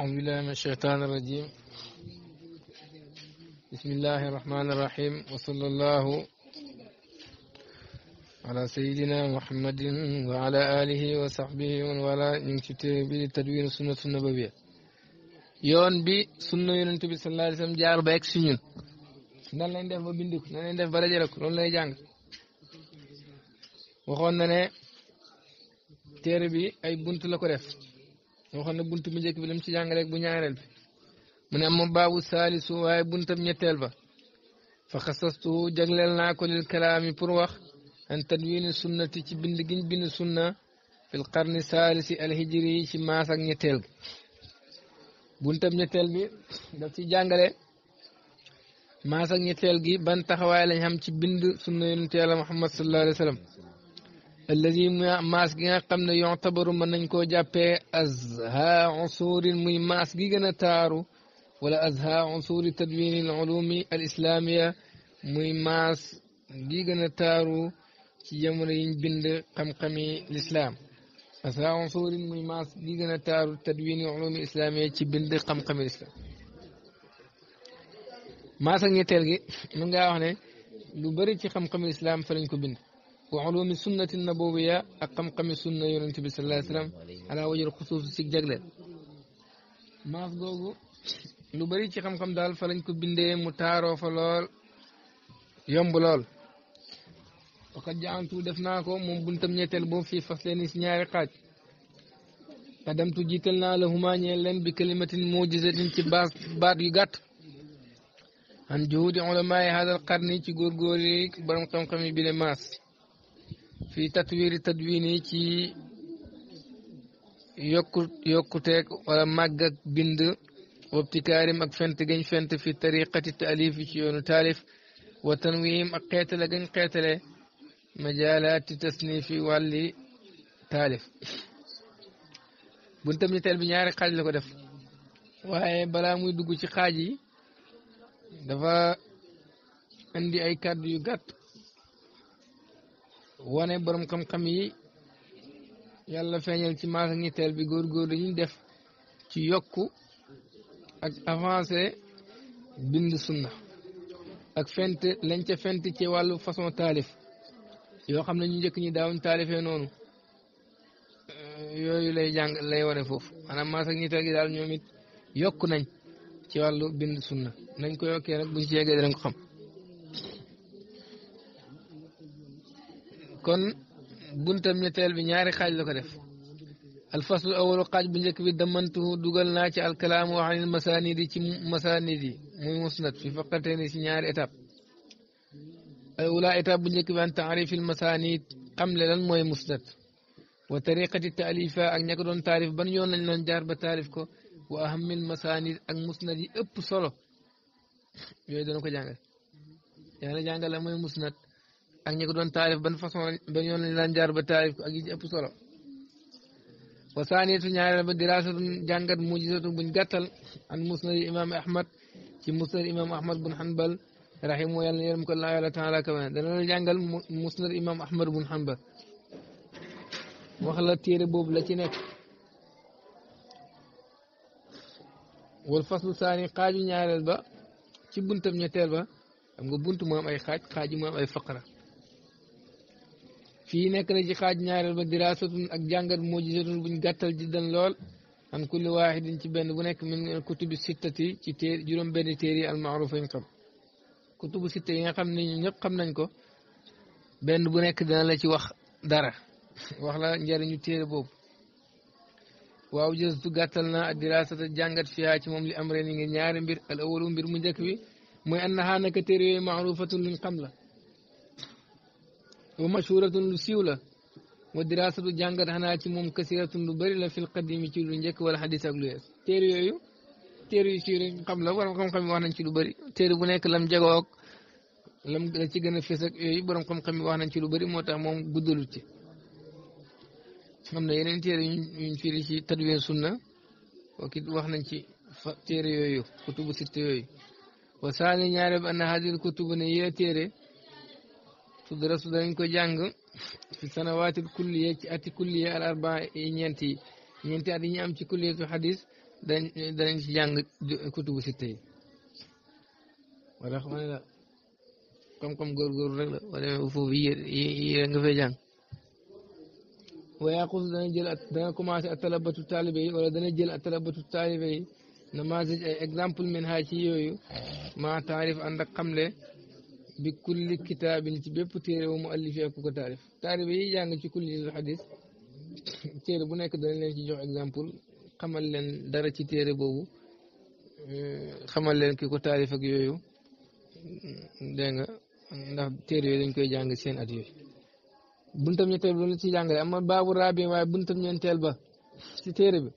أعوذ بالله من الشيطان الرجيم بسم الله الرحمن الرحيم وصلى الله على سيدنا محمد وعلى آله وصحبه ومن ولا ينكتب بالتدوين السنة النبوية يون بي سنة ينتبه صلى الله عليه وسلم جار بيك سنين نال لندف بندك نال لندف برجلك نال لندف وخوننا تربي أي بنت لكو ñoo xam ne bunt bi njëkk bi lam ci jàngaleeg bu ñaareel bi mu ne amma baabu saalisu waaye buntam ñetteel ba fa xasastu jagleel naa ko lil kalaami pour wax an tadwini sunnati ci bind giñ bind sunna fil qarni saalisi alhijri ci maas ak ñetteel gi buntam ñetteel bi daf ci jàngale maas ñetteel gi ban taxawaay lañ xam ci bind sunna yonente yàlla muhammad sallallahu alayhi wa sallam allazi maas gi nga xam ne yon tabaru mën nañ koo jàppee azha gi gën a taaru wala azha usuri al ulumi al islamiya muy maas gi gën a taaru ci jamono yiñ bind xam-xami lislaam azha gën a taaru tadwini ulumi islamiya ci bind xam-xami lislaam maas ak ñetteel gi mën ngaa wax ne lu ci xam-xami lislaam fa lañ ko bind وعلوم السنة النبوية أقم قم السنة يرنت بس الله سلام على وجه الخصوص سجدل ما أفضل لبري تقم قم دال فلن كبندة متارو فلول يوم بلول وقد جاءن تو دفناكو من بنتم نيتل بوم في فصلين سنيار قاد قدم تو جيتلنا لهما نيلن بكلمة موجزة تباس بار يغات عن جهود علماء هذا القرن تقول قولي برمقم قمي بلماس fii tatwiiri tadwini ci yokku yokkuteeg wala màgg ak bind wabtikaarim ak fent gañ fent fi tariqati taalif yi ci yoonu taalif wa tanwiim ak xeetale gañ xeetale majaalaati tasnifi wàlli taalif buntam ni teel bi ñaari xaaj la ko def waaye balaa muy dugg ci xaaj dafa indi ay kàddu yu gàtt wane boroom xam-xam yi yàlla feeñal ci maas ak ñetteel bi góor-góor ñu def ci yokk ak avancé bind sunna ak fent lañ ca fent ci wàllu façon taalif yoo xam ne ñu njëkk ñi daawuñ taalifee noonu yooyu lay jàng lay ware foofu maanaam maas ak ñetteel gi daal ñoom it yokku nañ ci wàllu bind sunna nañ ko yokkee nag buñ ci yeggee dinañ xam kon buntam ñetteel bi ñaari xaaj la ko def alfaslu awalu xaaj bu njëkk bi damantuhu dugal naa ci alkalaamu anil masanid yi ci masanid yi muy musnad fi faqatayni ci ñaari étape al ula étape bu njëkk bi an taarifil masanid xamle lan mooy musnad wa tariqati taalifa ak ña ko doon taarif ban yoon lañ doon jaar ba taarif ko wa ahamil masanid ak musnad yi ëpp solo yooyu dana ko jàngal yaa na jàngal la mooy musnad ak ñi ko doon taalif ban façon ba yoon lañ daan jaar ba taalif ak yi ci ëpp solo wa saanitu ñaareel ba dirasatu jàngat mujizatu buñ gàttal an musnad imam ahmad ci musnad imam ahmad bin hanbal rahimu yàlla yërëm ko laa yàlla taala kawe dana la jàngal musnad imam ahmad bin hanbal wax la téré bobu la ci nekk wal fasl sani xaaju ñaareel ba ci buntam ñettel ba xam nga buntu mo am ay xaj xaji mo am ay faqra fii nekk na ci xaaj ñaareel ba diraasatun ak jàngat mujizatun buñ gàttal jiddan lool an kulli waaxidin ci benn bu nekk min kutubi sittati ci téer juróom benn téer yi almaarufa yi nga xam sitta yi nga xam ne ñu ñëpp xam nañ ko benn bu nekk dana la ci wax dara wax la njëriñu téere boobu waaw jëstu gàttal na ak diraasata jàngat fiyaa ci moom li am ren yi nga ñaari mbir al awalu mbir mu njëkk bi mooy annahaa naka téere yooyu maarufatun luñ xam la wa mashhuratun lu siiw la wa diraasatu jàngat xanaa ci moom kasiratun lu bëri la fil qadimi ci lu njëkk wala xadis ak lu yees téere yooyu téere yu xam la borom xam-xam yi wax nañ ci lu bëri téere bu nekk lam jagoog lam la ci gën a fës ak xam-xam yi wax nañ ci lu bëri moo tax moom guddalut ci xam na yeneen téere yuñ firi ci tadwin sunna kooku it wax nañ ci fa téere yooyu kutubu sitte yooyu wa saani ñaare ba anna hadil yee téere tudrasu danañ ko jàng fi sanawaatil kulliya ci ati kulliya al arbaa ñeenti ñeenti at yi ñu am ci kulliyatu xadis dañ danañ ci jàng kutubu sitta yi wala xam ne la xam-xam góorgóorlu rek la wala foofu yi yi nga fay jàng waaye xus dana jël dana commencé ak talabatu taalibe yi wala dana jël ak talabatu taalibe yi na min haa ci yooyu maa taarif ànd ak xamle bi kulli kitaabin ci bépp téere wa mu allifi ak ku ko taarif taalibe téere bu nekk danañ leen ci jox exemple xamal leen dara ci téere boobu eh, xamal leen ki ko taarif yooyu dégg nga ndax téere yooyu dañ koy jàng seen at yooyu buntam ñetteel loolu ci jàngale ama baabu raabi waaye buntam ñeenteel ba ci téere bi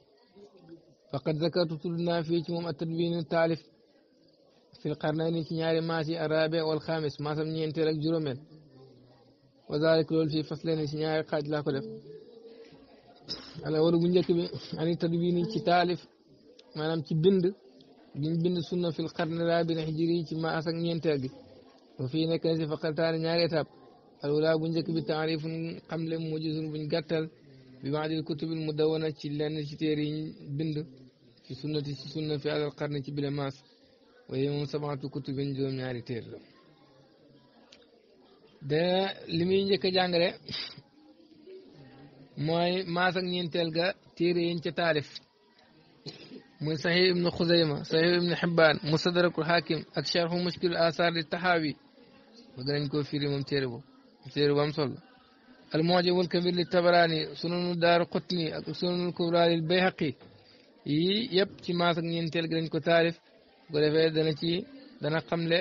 faqad zakartu tudd naa fii ci moom at tadwin taalif في القرنين ci ñaari maas yi arabe wal xaamis maasam ñeenteel ak juróomeel wa zalik loolu fii fasleen ci ñaari xaaj laa ko def ala waru bu njëkk bi ani tadwini ci taalif maanaam ci bind giñ bind sunna fil qarni raabin hijri ci maas ak ñeenteel gi wa fii nekk na si faqaltaani ñaari étape alula bu njëkk bi taarifun xamle mujizun buñ gàttal bi baadil kutubil mudawana ci lenn ci téere yi bind ci sunnati ci sunna fi alal qarni ci bile maas ويوم سبعة كتب جوم ياري تير ده لمي نجك جانغ ري موي ما سنك نين تيل غا تير ين تي تاريف موي صحيح ابن خزيمة صحيح ابن حبان مصدرك الحاكم أكشار هو مشكل آثار للتحاوي مغرن نكو فيري مم تير بو تير بو مصول المعجب الكبير للتبراني سنن دار قطني سنن الكبرى للبيهقي يب تي ما سنك نين تيل غا نكو تاريف bu defee dana ci dana xamle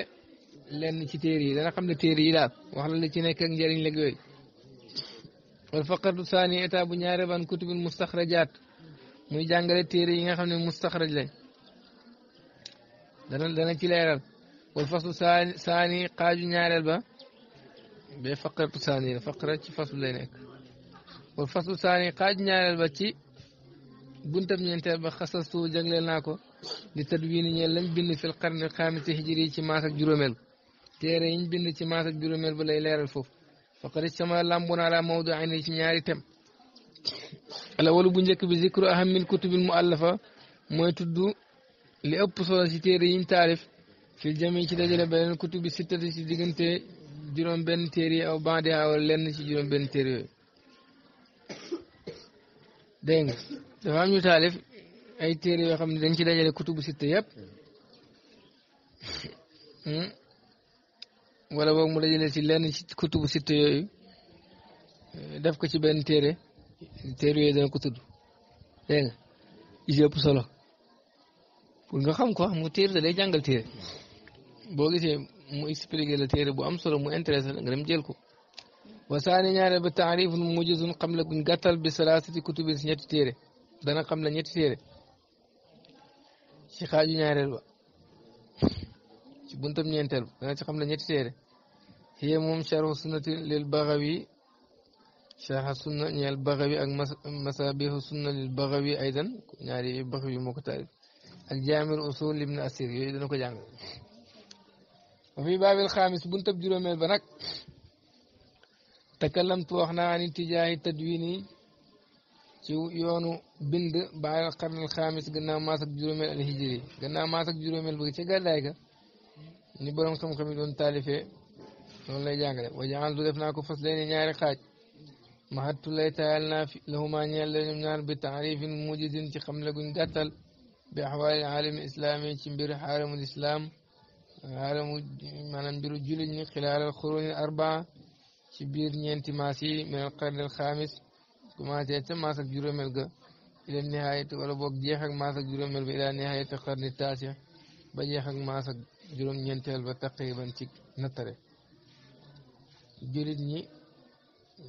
lenn ci téere yi dana xamle téere yi daal wax la ci nekk ak njëriñ léeg yooyu wal faqatu saani état bu ñaare ban kutubil mustaxrajaat muy jàngale téere yi nga xam ne mustaxraj lañ dana dana ci leeral wal faslu saani xaaju ñaareel ba ba faqatu saani la faqra ci faslu lay nekk wal faslu saani xaaju ñaareel ba ci buntab ñeenteel ba xasastu jagleel naa ko li tadwiin ñeel lañ bind fil xarni xaamisi hijri ci maas ak juróomeel téere yiñ bind ci maas ak juróomeel ba lay leeral foofu faqad sama làmbu naa la mawdu ayni ci ñaari tem ala bu njëkk bi zikru ahamil kutubil muallafa mooy tudd li ëpp solo ci téere yiñ taarif fil jami ci dajale beneen kutubi sittati ci diggante juróom benn téere yi aw bandi wala lenn ci juróom benn téere yooyu ay téere yoo xam ne dañ ci dajale kutubu sitta yëpp hmm? wala boog mu dajale si lenn ci kutubu sitta yooyu eh, def ko ci benn téere téere yooyu dana ko tudd dégg solo pour nga xam ko mu nga téere da lay jàngal téere boo gisee mu expliqué la téere bu am solo mu intéressé la nga dem jël ko wasaani ñaare ba taarifun mujizun xam la guñ gàttal bi salaasati kutubi si ñetti téere dana xam la ñetti téere ci xaaju ñaareel ba ci buntam ñeenteel ba dana ci xam ne ñetti téere hiya moom charhu sunnati lil baxawi charha sunna ñeel baxawi ak masabihu sunna lil baxawi aydan ñaari baxawi moo ko taalif ak jaamir usul ibn asir yooyu dana ko jàng wa fi baabil xaamis buntab juróomeel ba nag takallamtu wax naa ni tijaahi tadwini يونو بند باي القرن الخامس قلنا ماسك جرومين الهجري قلنا ماسك جرومين بغي تشغل لايك ني بروم خم خم دون تالفه لون لاي جانغل وجعل دفناكو فصلين نياري خاج ما حد لا تعالنا لهما نيال لهم نار بتعريف موجز تي خم لا غن غتال باحوال العالم الاسلامي تي مبير حارم الاسلام عالم مانن بيرو جولي ني خلال القرون الاربعه تي بير نينتي ماسي من القرن الخامس commencé ca maas ak juróomeel ga ila nihaayati wala boog jeex ak maas ak juróomeel ba ila nihaayati xarni taasiya ba jeex ak juróom-ñeenteel ba taqriban ci nattare ñi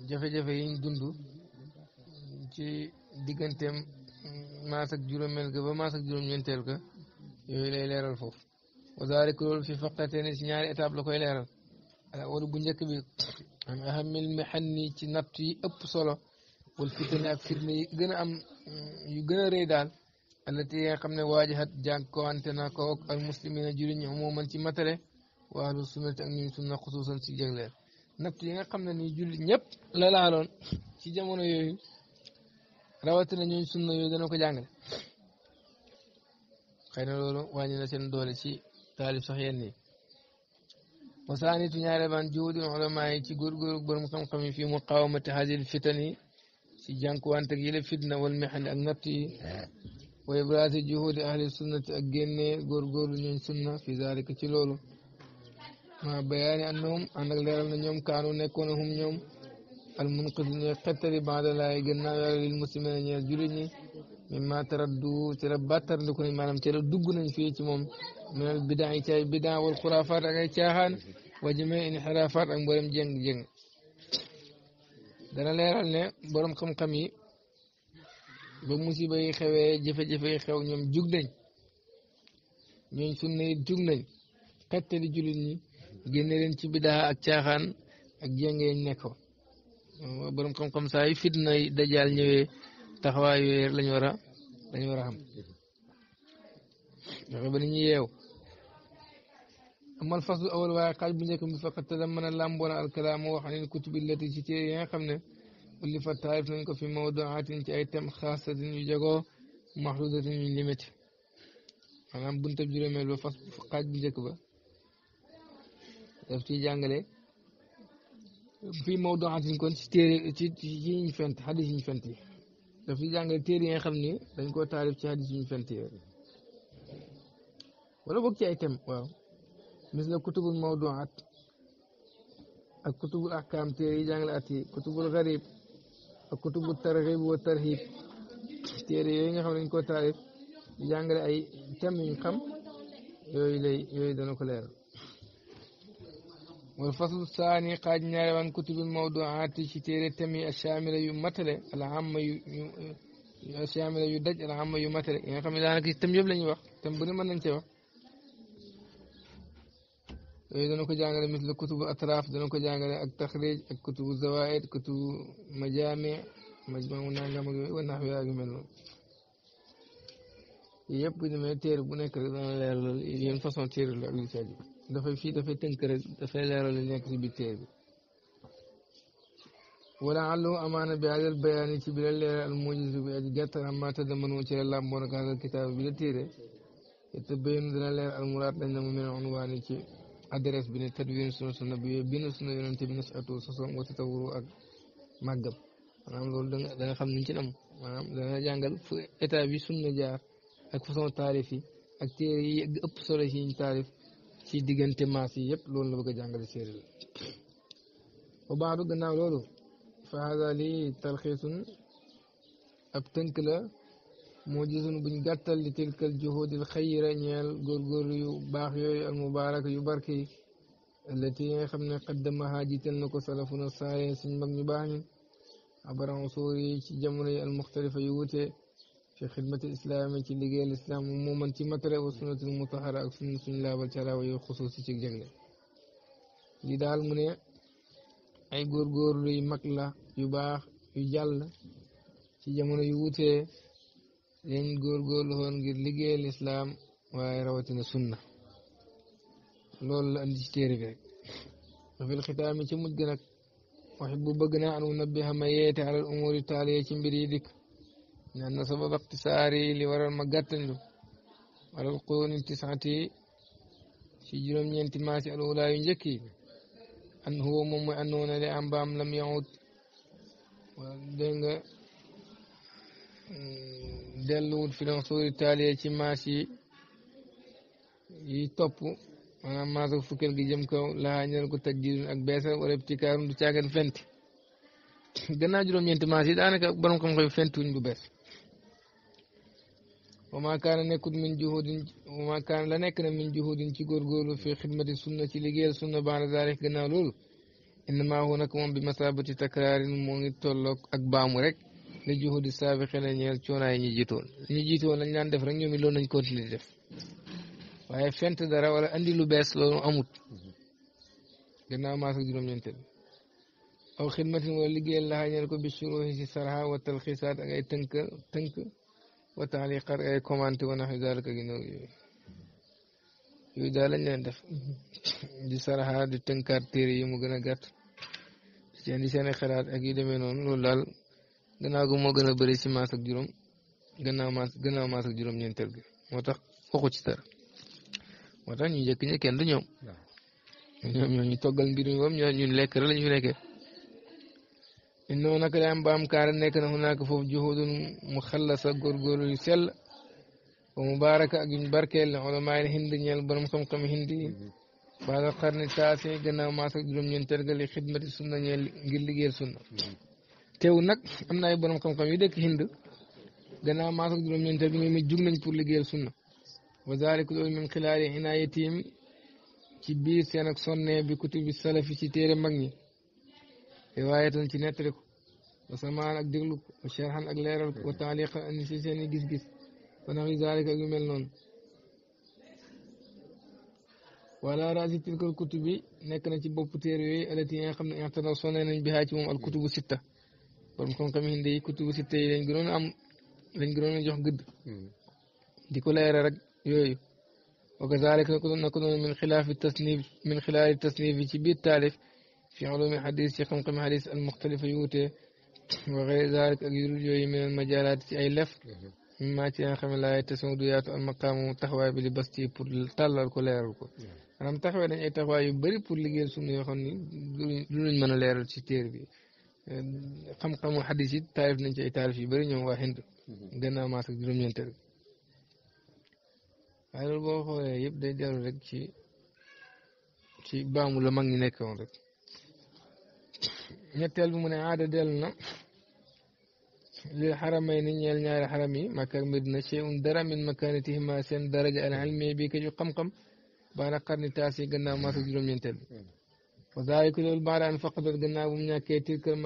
jafe yiñ dund ci digganteem maas ak juróomeel ga ba maas ak juróom-ñeenteel ga yooyu lay leeral foofu wazaalika loolu fi faqatee ni ci ñaari étape koy leeral wala bu njëkk bi am ahamil mihanni ci natt yi ëpp solo wal fitna ak fitna yi gën a am yu gën a rëy daal allati yi nga xam ne waajahat jànkuwante na ko ak al muslimina jullit ñi umuman ci matale waa ahlu sunnati ak ñuy sunna xusuusan si jagleel natt yi nga xam ne nii jullit ñëpp la laaloon ci jamono yooyu rawatina ñuñ sunna yooyu dana ko jàngale xëy na loolu wàññi na seen doole ci taalib sax yenn yi wasaanitu ñaare ban juudi ulama yi ci góorgóorlu borom xam-xam yi fii muqaawamati hasil fitani ci jànkuwante ak yële fitna wal mexen ak natt yi wa ibraasi juhudi ahli sunnati ak génne góorgóorlu ñooñ sunna fi zalika ci loolu ma bayaani annahum ànd ak leeral na ñoom kaanu nekkoon hum ñoom al munqis ñooy xettali baada laay gannaaw yàlla lil muslimina ñeel jullit ñi taraddu ci la bàttarndiku nañ maanaam ci la dugg nañ fii ci moom minal bidaa yi ci ay bidaa wal xuraafaat ak ay caaxaan wa jëmee inxiraafaat ak dana leeral ne borom xam-xam yi ba musiba yi xewee jafe-jafe yi xew ñoom jug nañ ñooñ sunna yi jug nañ xettali jullit ñi génne leen ci bidaa ak caaxaan ak jéngeeñ nekko borom xam-xam saa yi fitna yi dajaal ñëwee taxawaay yooyu lañ war a lañ war a am ba ni ñu yeew amal faslu awal waaye xaaj bu njëkk bi faqat tadam mën a làmboona alkalaama wax anil kutubi lati ci téere yi nga xam ne ulli fa taarif nañ ko fi mawduaatin ci ay tem xaasatin yu jagoo maxdudatin yu limité maanaam buntab juróomeel ba fas xaaj bu njëkk ba daf ciy jàngale fi mawduaatin kon ci téere ci ci ñu fent xadis ñu fent yi daf ciy jàngale téere yi nga xam ne dañ koo taarif ci xadis ñu fent yi wala boog ci ay tem waaw مثل كتب الموضوعات الكتب الأحكام تيري جانل أتي كتب الغريب الكتب الترغيب والترهيب تيري يوين خم لنكو تعرف جانل أي تم ينخم يويلي يويدن كلير والفصل الثاني قاد نعرف عن كتب الموضوعات تيري تمي الشامل يمتل العام يمتل الشامل يدج العام يمتل يعني خم إلا أنا كتب يبلن يوح تم بني من ننتي وح دونك جانغ مثل كتب الاطراف دونك جانغ التخريج كتب الزوائد كتب مجامع مجموع نانغام ونحو ياغ منو ييب دي مي تير بو نيك دا لير يين فاصون تير لا لي سادي دا فاي في دا فاي تنك رك دا فاي لير لي نيك سي بي تير ولعل امانه بهذا البيان تبل الموجز بيد جات ما تدمنو تي لامبون كان الكتاب بي تير يتبين دنا لير المراد نانغام من عنوان تي adresse bi ne tadwin sunu sunna bi bind sunna yonent bi nasatu sosoom wa tatawuru ak màggam maanaam loolu da nga da xam niñ ci nam maanaam dana jàngal fu état bi sunna jaar ak façon taarif yi ak téere yi ëpp si ñu taarif ci yëpp loolu a jàngale séeré la ba baadu gannaaw loolu la موجزون بن قتل لتلك الجهود الخيرة نيال غرغر يو باخيوي المبارك يبركي التي خمنا قدمها جيتن نكو سلفنا الصالحين سن مغني باهن عبر عصوري جمري المختلفة يوتي في خدمة الإسلام في لقي الإسلام عموما في مكرة وسنة المطهرة أكسن سن الله والشراء وخصوصي في الجنة لدال مني أي غرغر يمكلا يباخ يجل في جمري يوتي lañ góorgóorlu woon ngir liggéeyal islaam waaye rawatina sunna loolu la andi ci téere bi rek fil xitaam yi ci mujj nag wax bu bëgg naa an unabbiha ma yeete alal umuri taaliya ci mbir yi dikk ñaan na sabab ixtisaari li waral ma gàttandu alal quruuni tisaati ci juróom-ñeenti maasi al ulaa yu njëkk yi an huwa moom mooy andoona le am baam lam yaut dégg nga Mm, delluwut fi suuri ci maas yi yi topp maanaam maasu fukkeel gi jëm kaw laa ñëw ko tajjidun ak beesal wala ibtikaarum du caagan fent gannaaw juróom-ñeenti maas yi daanaka borom xam-xam fentuñ bu bees wa maa kaana nekkut min juhudin wa maa kaana la nekk na min juhudin ci góorgóorlu fi xidmati sunna ci liggéeyal sunna baada zaalik gannaaw loolu innama huwa nag moom bi masabati takraarin moo ngi tollook ak baamu rek li juhudi saabiqina ñeel coonaay ñi jiitoon ñi jiitoon lañ daan def rek ñoom it loolu nañ continuer di def waaye fent dara wala andi lu bees loolu amut gannaaw maas ak juróom-ñeenteel aw xidmatin wala liggéeyal laxaa ñeel ko bi suruxi si sarxa wa talxisaat ak ay tënk tënk wa taaliqaat ak ay commenté wa naxi zaalika gi noonu yooyu yooyu daal def di sarxa di tënkaat téere yi mu gën a gàtt ci andi seen xalaat ak yi demee noonu loolu daal gannaaw gi moo gën a bëri ci maas ak juróom gannaaw maas gannaaw maas ak juróom-ñeenteel gi moo tax waxu ci dara moo tax ñu njëkk ñi kenn du ñoom ñoom ñoo ñu toggal mbir mi boobu ñun lekk rek la ñu fi nekkee. innoo naka baam kaara nekk na mu nekk foofu juhudun mu xallasa góorgóorlu yu sell wa mubaaraka ak yuñ barkeel ulamaa yi hindi ñeel borom xam-xam hindi mm-hmm. baada xarni taasi gannaaw maas ak juróom-ñeenteel ga li xidmati sunna ñeel ngir liggéeyal sunna. Mm-hmm. teew nag am na ay borom xam-xam yu dëkk Hind gannaaw maas ak juróom-ñeenteel bi ñoom it jug nañ pour liggéeyal sunna wa zaalik loolu min xilaali ci biir seen ak sonne bi kutubi salafi mag ñi riwaayatan ci nettali ko wa samaan ak ak leeral ko wa gis-gis wa naxwi zaalik ak yu mel noonu wala raasi tilkal kutubi nekk na ci bopp téere yooyu alati yi nga xam ne ixtana sonne nañ bi haa ci moom al kutubu sitta borom xam-xam yi ndey kutubu sitte yi lañ gënoon am lañ gënoon jox gëdd di ko leeral rek yooyu wa kazalika na ko doon min xilaafi tasnif min xilaali tasnif yi ci biir taalif fi ulumi xadis ci xam-xami xadis al muxtalifa yu wutee wa xëy zalik ak yurul yooyu min al majalaat ci ay lef min maa ci nga xam ne laay tasuma du yaatu al maqaamu taxawaay bi li bas ci pour tàllal ko leeral ko maanaam taxawaay dañ ay taxawaay yu bëri pour liggéeyal sunna yoo xam ni du luñ mën a leeral ci téer bi xam-xamu xadis yi taarif nañ ci ay taarif yu bëri ñoom waa Hind mhm. gannaaw maas ak juróom-ñeenteel waaye loolu boo xoolee yëpp day dellu rek ci ci baamu la mag ñi nekkoon rek ñetteel bi mu ne aada dellu na lil xaramay ni ñeel ñaari xaram yi Makka ak Madina cheyun dara min makaanatihima seen daraja al ilmiya bi ka ju xam-xam baana xarni taas yi gannaaw maas ak juróom-ñeenteel bi mhm. wa zaalika loolu baadaan faqadat gannaaw bu mu ñàkkee tilkal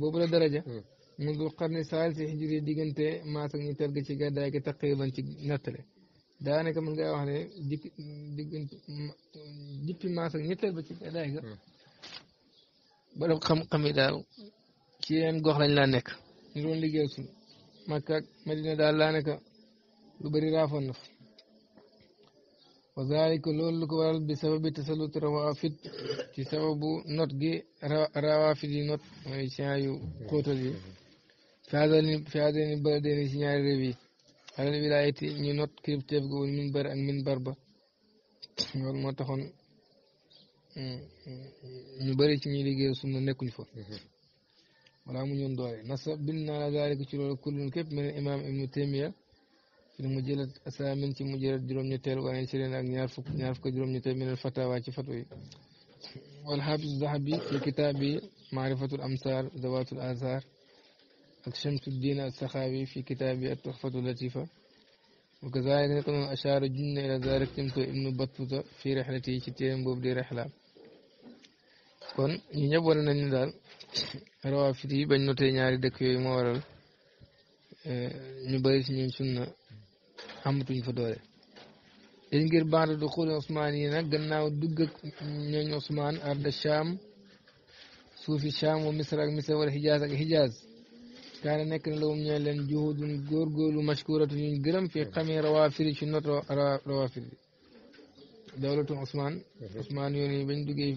boobu la daraja hmm. mun du xarni saal hijri diggante maas ak ñu terg ci gàddaay gi taqriban ci nettale daanaka mën ngaa wax ne dikk dippi maas ak ga borom hmm. xam-xam yi daal ci yeneen gox lañ laa nekk ñu doon liggéey Madina daal laa nekk lu bëri wa zalika loolu lu ko waral bi sababi tasallut rawafid ci sababu not gi rawafid yi not mooy chien yu xóotal yi ñaari réew yi alal wilayati ñu not kilifteef ga wal moo taxoon mm, ñu bëri ci ñuy liggéey sunna nekkuñ fa wala mu ñoon doole nasa bind la zalika ci loolu kullun képp mel ne ibnu taymiya في المجلة الثامن في مجلة دروم نيتير وين سيرين أغنيار فك نيار فك دروم نيتير من الفتاوى كفتوى والحافظ الذهبي في كتابه معرفة الأمثال ذوات الآثار الشمس الدين السخاوي في كتابه التحفة اللطيفة وكذلك أشار جن إلى ذلك تمت ابن بطوطة في رحلته شتيرن بوبدي رحلة كون ينجب ولا ننزل روافتي بنوتي نياري دكوي مورال نبايس نيم amatuñ fa doole dañ ngir baada du xul Ousmane yi nag gannaaw dugg ak ñooñ Ousmane arda Cham suufi Cham wa Misra wala Hijaaz ak kaana nekk na la moom ñoo leen juhudun góorgóorlu mashkuratu yuñ gërëm fi xamee rawaafiri ci not rawaafiri dawlatu Ousmane mhm. Ousmane yoon yi bañ duggee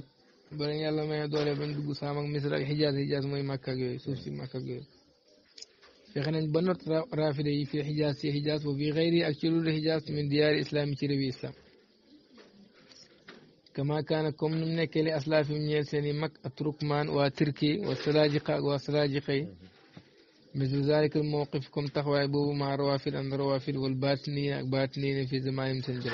ba yàlla may doole bañ dugg Saam ak Misra ak Hijaaz Hijaaz mooy Makka ak yooyu suuf si Makka ak yooyu فخنا بنت رافدي في حجاز حجاز وفي غيره أكشلوا الحجاز من ديار إسلام تربيسا كما كان كم من كلي أسلاف من يلسني مك أتركمان وتركي وسلاجقة وسلاجقي مثل ذلك الموقف كم تخوى أبوه مع روافد عن روافد والباطنية باطنين في زمان سنجر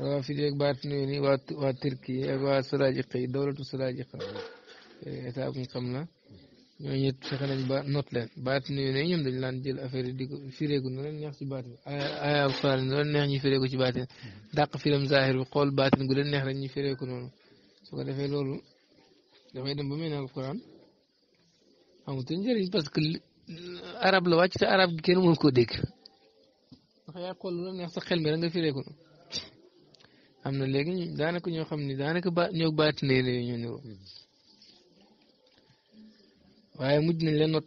روافد باطنين وتركي وسلاجقي دولة سلاجقة إتابة إيه، إيه، قملة ñooñu it fexe nañ ba not leen baat yu ne ñoom dañu laan jël affaire yi di ko firéegu nu leen neex ci baat bi aaya alxuraan nu neex ñu firéegu ci baatin dàq firam zahir bi xool baatin gu leen neex rek ñu firéegu noonu su ko defee loolu dafay dem ba mel ne alxuraan amatul njëriñ parce que arab la wàcc te arab gi kenn mënu koo dégg ndax yaa xool lu la neex sa xel mi rek nga firéegu noonu am na léegi daanaka ñoo xam ne daanaka ba ñoo baatin la ñu ñoo waye mujj nañ leen not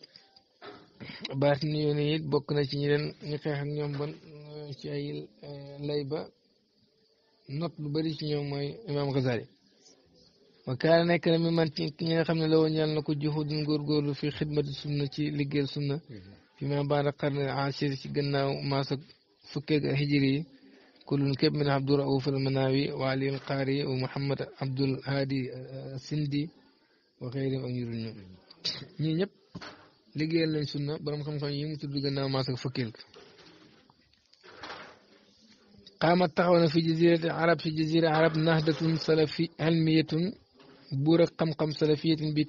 baat ni yoon it bokk na ci ñi leen ñi xex ak ñom bon ci ay lay ba not lu bari ci ñom moy imam Ghazali wa kala nek na mi man ci ñi nga xam ne la woon juhu na ko gor lu fi khidmatu sunna ci liggeel sunna fi ma baada qarni asir ci gannaaw ma sa fukke ga hijri kulun kep min abdur Rauf al-Manawi wa Ali al-Qari wa Muhammad Abdul Hadi Sindi wa xeyrim ak ñii ñëpp liggéeyal nañ sunna borom xam-xam yi mu tudd gannaaw maas ak fëkkeel ko fi jazirati arab si jazira arab nahdatun salafi almiyatun buur ak xam-xam salafiyatun bi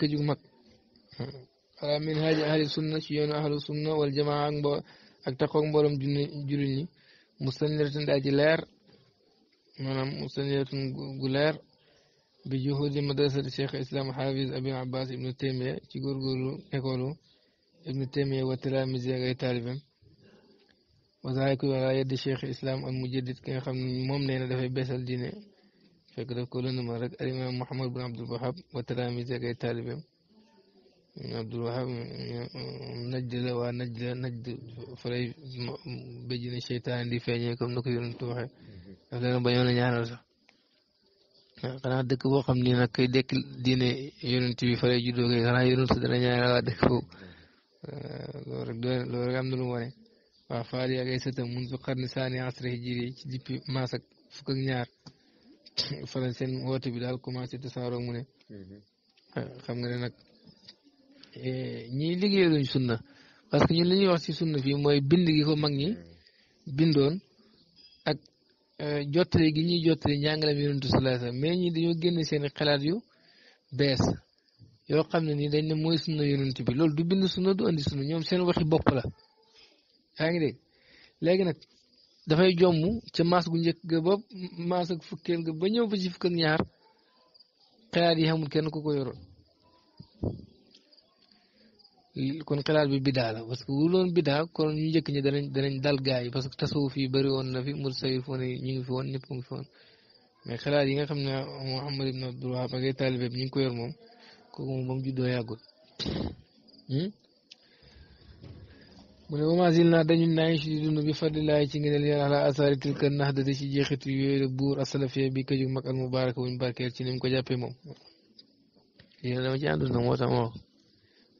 min haaji ahli sunna ci yoonu sunna wal jamaa ak mbo ak taxoog mboolom junne jullit ñi bi juhudi madrasati cheikh islam xaafis abi abbas ibnu wa tilamisi ak taalibam wasaayku wala yeddi cheikh islam al mujaddid ki moom nee dafay beesal diine fekk daf ko lënduma rek muhammad bin abdul wa tilamisi ak taalibam abdul wahab najd faray béjj na di feeñee comme na ko yonent waxee daf leen bañoon xanaa dëkk boo xam ni nag kay dëkk diine yonent bi fa lay juddoo kay xanaa yonent dana ñaanal waa dëkk boobu loolu rek am na lu wane waa Faali ak ay sëtam mun fi xarni saani asra hijri ci dippi maas ak ñaar faral seen woote bi daal commencé tasaaroo mu ne mhm. xam nga ne nag eh, ñii liggéey luñ sunna parce que ñun li wax si sunna fii mooy bind gi ko mag ñi mhm. bindoon Euh, jottali gi ñuy jottali njàngalam yonentu sallallahu alayhi wasallam mais ñi dañoo génn seeni xalaat yu bees yoo xam ne ni dañ ne mooy sunna yonent bi loolu du bind sunna du andi sunna ñoom seen waxi bopp la yaa ngi dégg léegi nag dafay jomm ca maas gu njëkk ga ba maas ak fukkeel ba ñëw ba ci fukk ak ñaar xalaat yi xamul kenn ku ko yoroon kon xilaat bi bidaa la parce que bu loon bidaa kon ñu njëkk ñi danañ danañ dal gaa parce que tasawuf yi bëri woon na fi mutasawwifoon yi ñu ngi fi woon ñëpp ngi fi woon mais xilaat yi nga xam ne Muhammad ñu ngi ko yor moom kooku moom ba mu juddoo yàggul hmm? mu ne wama zil naa dañu naayi si di bi fadlilaay ci ngeneel yàlla ala asaari tilka naxdati ci jeexitu yooyu buur asalafiya bi ka jóg mag al mubaraka wuñ ci ni mu ko jàppee moom yéen dama ci àndoon moo tax wax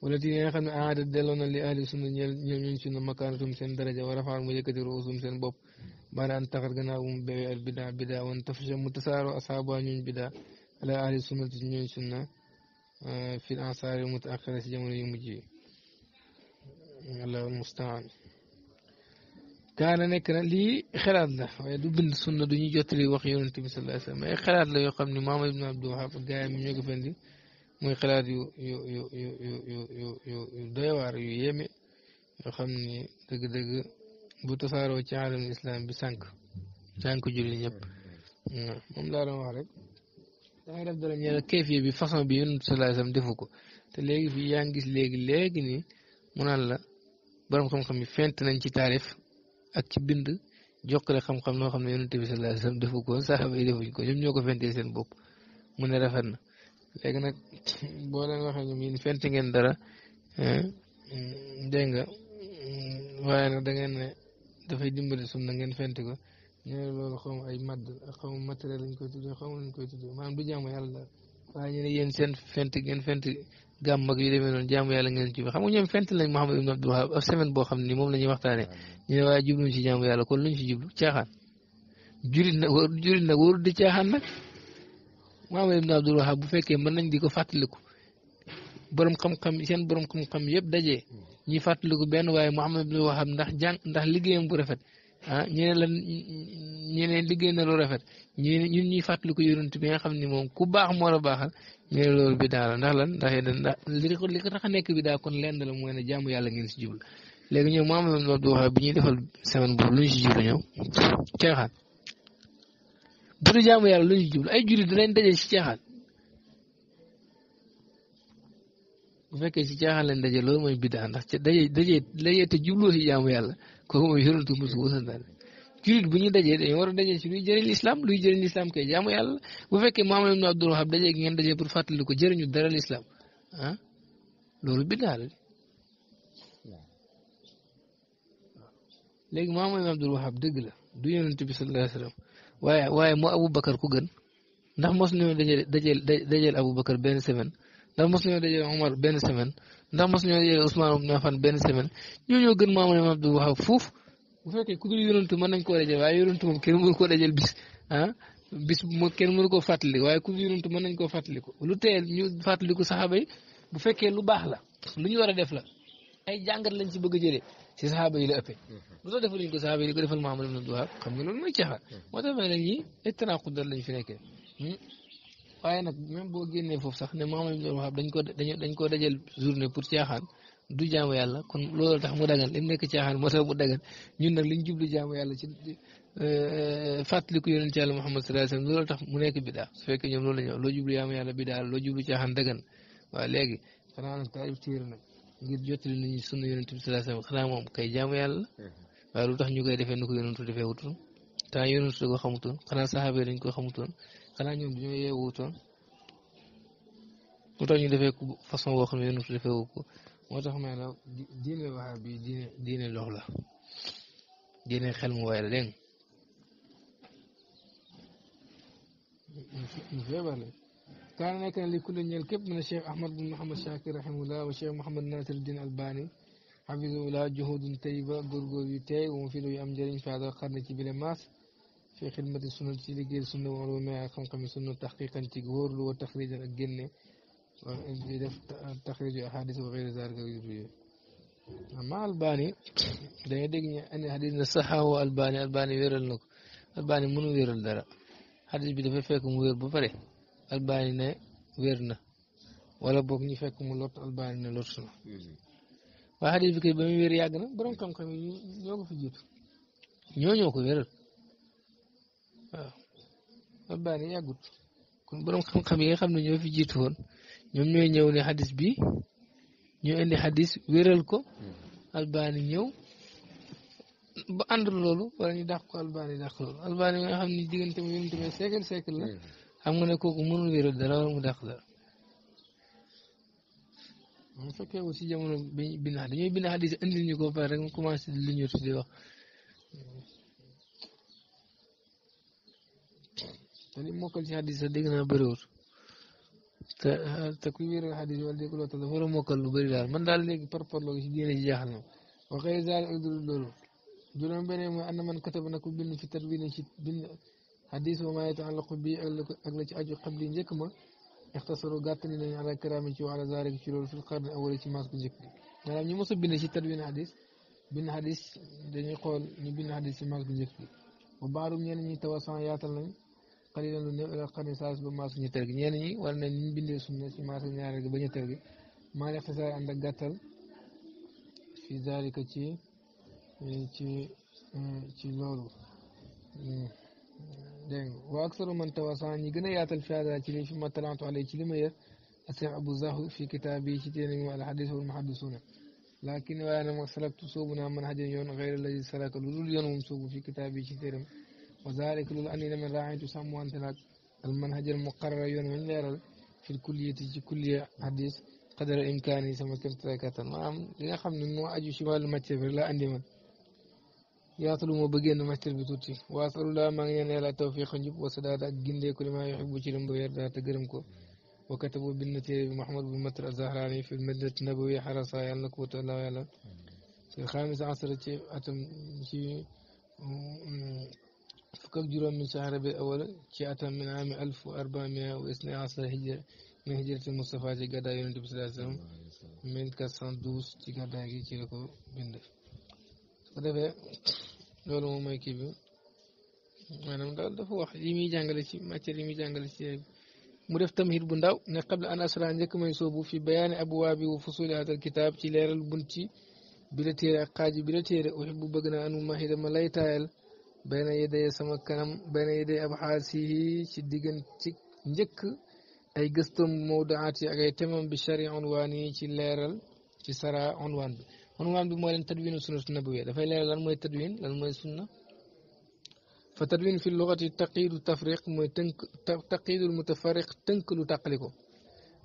والتي يخن أعادت آه، دلونا لأهل السنة نيم مكان مكانتهم سن درجة ورفع دروس رؤوسهم سن بوب بعد أن تغر جناهم البدع بدع وأن تفشى متسارع أصحابه نيم بدع على أهل السنة نيم سنة آه، في الأعصار المتأخرة جمهور يمجي الله المستعان كان nekk na lii xalaat la waaye du bind sunna du ñu jottali wax yonent bi sallallahu alayhi wa sallam ay xalaat la yoo xam muy xalaat yu yu yu yu yu yu yu doy waar yu yéeme yoo xam ni dëgg-dëgg bu tasaaroo ci alam islam bi sànq sànq julli ñëpp moom laa doon wax rek dangay def dara ñeene kéefie bi façon bi yonent sallallahu alayhi wasallam defu ko te léegi fii yaa ngi gis léegi léegi ni mu naan la borom xam-xam yi fent nañ ci taarif ak ci bind jokkale xam-xam noo xam ne yonent bi sallallahu alayhi wasallam defu ko saxaaba yi defuñ ko ñoom ñoo ko fentee seen bopp mu ne rafet na léegi nag boo leen waxee ñoom yéen fent ngeen dara eh, dégg nga waaye nag dangeen ngeen ne dafay dimbali sum na ngeen fent ko ñu ay madd xaw ma lañ koy tuddee xaw ma lañ koy tuddee maanaam du jaamu yàlla waaye ñu ne yéen seen fent ngeen fent gàmm ak yu demee noonu jaamu yàlla ngeen ci xam nga fent lañ Mouhamed Ibn Abdul Wahab xam ne moom la ñuy waxtaanee ñu ne waaye jubluñ ci jaamu yàlla kon luñ ci jublu caaxaan jurit nag wóor jurit nag wóorul di caaxaan nag. Muhammad ibn Abdul Wahab bu fekkee mën nañ di ko fàttaliku borom xam-xam seen borom xam-xam yëpp daje ñi fàttaliku benn waaye Muhammad ibn Wahab ndax jàng ndax liggéeyam bu rafet ah ñeneen la ñeneen liggéey na lu rafet ñun ñun ñuy fàttaliku yonent bi nga xam ne moom ku baax moo la baaxal ñu ne loolu bidaa la ndax lan ndax ndax li ko li ko tax kon lenn la mooy ne jaamu yàlla ngeen si jublu léegi ñoom Muhammad ibn bi ñuy defal semaine boobu lu ñu si jublu ñoom caaxaan. bu ñu jaamu yàlla lu ñu ay jullit dinañ daje ci caaxaan bu fekkee ci caaxaan lañ daje loolu mooy biddaa ndax ca daje daje daje te jubloo ci jaamu yàlla kooku mooy yorantu bu ñu dajee a daje ci luy jëriñ lislaam luy jëriñ lislaam yàlla bu fekkee Muhammad ibn Abdul gi ngeen daje pour fàttali ko jëriñu dara lislaam ah loolu biddaa la léegi Muhammad Abdul Wahab dëgg la du yonent bi sallallahu waaye waaye moo Aboubacar ku gën ndax mos nañoo dajeel dajeel dajeel Aboubacar benn semaine ndax mos nañoo dajeel Omar benn semaine ndax mos nañoo dajeel Ousmane ibn benn semaine ñoo ñoo gën maam Imaam Abdul Wahab fuuf bu fekkee ku dul yonantu mën nañ koo dajeel waaye yonantu moom kenn mënu koo dajeel bis ah bis moom kenn mënu koo fàttali waaye ku dul yonantu mën nañ koo ko lu teel ñu fàttaliku saxaaba yi bu fekkee lu baax la lu ñu war a def la ay jàngat lañ ci bëgg a jëlee ci saxaaba yi la ëppee lu tax defaluñ ko saxaaba defal Muhammad xam nga loolu mooy caaxaan mm-hmm. moo tax ma ne ñi ittanaaqud dal lañ fi nekkee hmm? waaye nag même boo génnee foofu sax ne Muhammad ibn Abdul Wahab dañ dañ ko dajal journée pour caaxaan du jaamu yàlla kon loolu tax mu dagan nekk caaxaan moo tax mu dagan ñun nag liñ jublu jaamu yàlla ci euh, fàttaliku yonent yàlla Muhammad sallallahu alayhi wasallam loolu tax mu nekk bidaa su fekkee ñoom loolu la ñu loo jublu jaamu yàlla bidaa loo jublu caaxaan dagan waaw léegi xanaa nag taif téere nag ngir jot nit ñi sunu yonent bi sallallahu alayhi wasallam xanaa moom kay jaamu yàlla mm-hmm. waaye lu tax ñu koy defee nu ko yonentu defee wutoon xanaa yonentu da ko xamutoon xanaa dañ ko xamutoon xanaa ñoom dañoo lu tax ñu defee ko façon boo xam ne yonentu defee wu ko moo tax may la diine waxa bi diine diine la diine xel mu waay la dégg كان نك لكل نيل من الشيخ أحمد بن محمد شاكر رحمه الله والشيخ محمد ناصر الدين الباني حفظه الله جهود طيبة غرغور يتاي ومفيد يام في هذا القرن بلا ماس في خدمة السنة تلقي السنة وعلومة خم خم السنة تحقيقا تقهور لو وتخريجا الجنة تخريج أحاديث وغير ذلك أما الباني دا يدقني أن حديث نصحة هو الباني الباني ويرل نك الباني منو ويرل درا حديث بدفع فيكم وير بفره albani ne wér na wala boog ñu fekk mu lot albani ne lot na waaye xadis bi kay ba muy wér yàgg na borom xam-xam yi ñoo ko fi jiitu ñoo ko wéral yàggut kon borom xam-xam xam ne fi jiitu woon ñoom ñooy ñëw ne xadis bi ñu indi xadis wéral ko albani ñëw ba ànd loolu wala ñu dàq ko albani dàq loolu albani nga xam ne diggante mu yonente mais siècle siècle la xam nga ne kooku mënul wéral dara wala mu dàq dara bu fekkee aussi jamono bi bind xadis dañuy bind xadis indil ñu ko ba pare rek mu commencé li ñu tuddee wax te li mokkal ci xadis sax dégg naa bëriwul te te kuy wéral xadis wala dégg loo tax dafa war a lu bëri daal man daal léegi par par loolu ci diine ji jaaxal na waxee zaal ak loolu juróom beneen mooy ànd man kataba na ko bind fi tat bind ci bind حديث وما يتعلق بي أجل أجل قبل جكما اختصروا قاتل على كرامك وعلى ذلك شلول في القرن الأول في ماسك جكما نعم نمص بنا شتر بين حديث بين حديث دين يقول نبين حديث ماسك جكما وبعض من يعني يتواصل آيات الله قليلا لنه إلى القرن الثالث بماسك نتر يعني ولن نبين سنة في ماسك نتر ما الاختصار عند قاتل في ذلك شيء شيء شيء لولو واكثر من توسان يغنى يات الفاد في ما تلانت عليه كلمه يا الشيخ ابو زهر في كتابه شتين الحديث والمحدثون لكن وانا ما سلكت صوبنا من حد يون غير الذي سلك الرجل ينوم صوب في كتابه شتين وذلك لاني لم راعيت سموان تلك المنهج المقرر يون من ليرل في الكلية في كلية حديث قدر إمكاني سمكن تركتا ما أم لا خم نمو أجو شمال المتبر لا عندي من yaatalu moo ba génn mastel bi tuuti wa asalullah maa ngi leen yàlla tawfiq njub wa sadaada ak gindeeku li maa yuxibu ci lim ba weer daa te gërëm ko wa katabu bind na téere bi Mouhamad bin Matar Azahraani fi madinati nabawi xarasa yàlla ko wutal laa yàlla si xaamis asara ci atam ci fukk juróom min shahra bi awal ci atam min ami alf wa min hijrati Mustafa ci gàddaay yonent bi sallallahu alayhi wa 1412 ci gàddaay gi ci la bind ko defee loolu moom mooy kii bi maanaam daal muy jàngale ci matière yi muy jàngale ci mu def tamhid bu ndaw ne qabla an asra njëkk may soobu fi bayaani abwaabi wa fusuli hatal kitaab ci leeral bunt ci bi la téere ak xaaji bi la téere uhibbu bëgg naa anu mahida ma lay taayal bayna yeday sama kanam bayna yeday ab ci diggan ci njëkk ay gëstam mawdaat yi ak ay temam bi shari onwaan ci leeral ci sara onwaan bi عنوان بي مولين تدوين السنة النبوية دا فاي لان لان موي تدوين لان موي سنة فتدوين في اللغة تقييد التفريق موي تنك تقييد المتفرق تنك لو تقلقو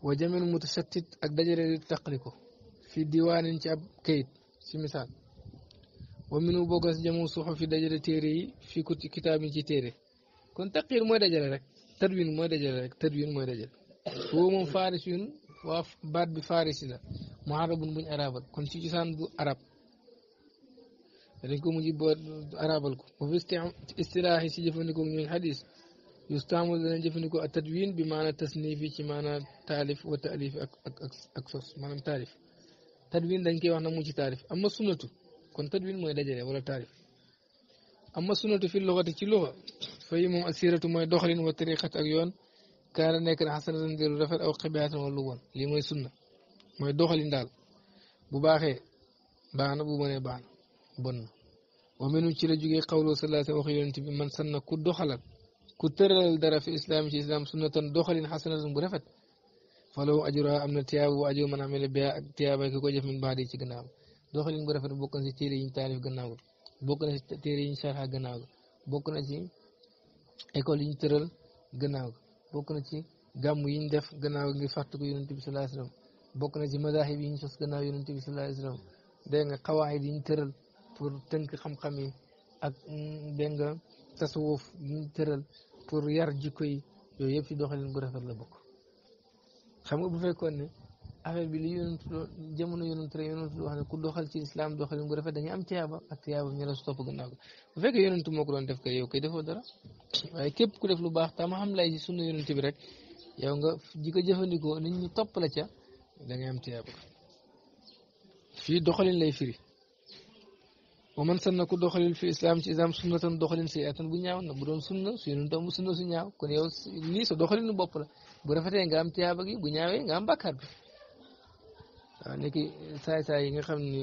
وجمل متشتت الدجرة لتقلقو في ديوان انت اب كيت في مثال ومنو بوغس جمو صحف دجرة تيري في كت كتاب انت تيري كون تقييد موي دجرة رك تدوين موي دجرة رك تدوين موي دجرة هو من فارس وف بعد بفارس mu arabun buñ arabal kon ci cosaan bu arab dañ ko mujj boo arabal ko wa fi istilaahi si jëfandikoo ñooñ xadis yustaamul dana jëfandikoo ak tadwin bi maana tasnif yi ci maana taalif wa taalif ak ak ak ak sos maanaam taalif tadwin dañ koy wax na mu ci taalif amma sunnatu kon tadwin mooy dajale wala taalif amma sunnatu fi luxati ci luxa fay moom asiratu mooy doxalin wa tariqat ak yoon kaana nekk na xasanatan di lu rafet aw xibaatan wala lu woon lii mooy sunna mooy doxalin daal bu baaxee baax na bu mënee baax na bon na wa minu ci la jógee xawloo salaasa waxu yonent bi man sanna ku doxalal ku tëralal dara fi islaam ci islaam sunnatan doxalin xasanatan bu rafet falaw ajura am na tiyaabu bu a man amele bia ak tiyaaba ki ko jëf min baax di ci gannaaw doxalin bu rafet bokk na si téere yiñ taalif gannaaw bokk na si téere yiñ sarxa gannaaw bokk na ci école yiñ tëral gannaaw bokk na ci gàmm yiñ def gannaaw ngir fàttaliku yonent bi sallallahu alayhi wasallam bokk na ci madahib yi ñu sos gannaaw yonente bi sallallahu alayhi wa sallam dégg nga xawaayid yi ñu tëral pour tënk xam-xam yi ak mm, dégg nga tasawuf yi ñu tëral pour yar jikko yi yooyu yëpp ci doxalin bu rafet la bokk xam nga bu fekkoon ne affaire bi li yonentu jamono yonentu rek yonentu wax ne ku doxal ci islam doxalin bu rafet dañuy am tiyaaba ak tiyaaba ñu la su topp gannaaw moo ko doon def ko yow koy dara waaye képp ku def lu baax tama xam lay ci sunna yonent rek yow nga ji ko jëfandikoo nit ñi topp la ca da ngay am tiyaaba fii doxalin lay firi wa man sanna ku doxalin fi islam ci islam sunnatan doxalin si atan bu ñaaw na bu doon sunna su yéen doon sunna su ñaaw kon yo lii sa doxalinu bopp la bu rafetee nga am tiyaaba gi bu ñaawee nga am bàkkaar bi waaw léegi saay-saay yi nga xam ni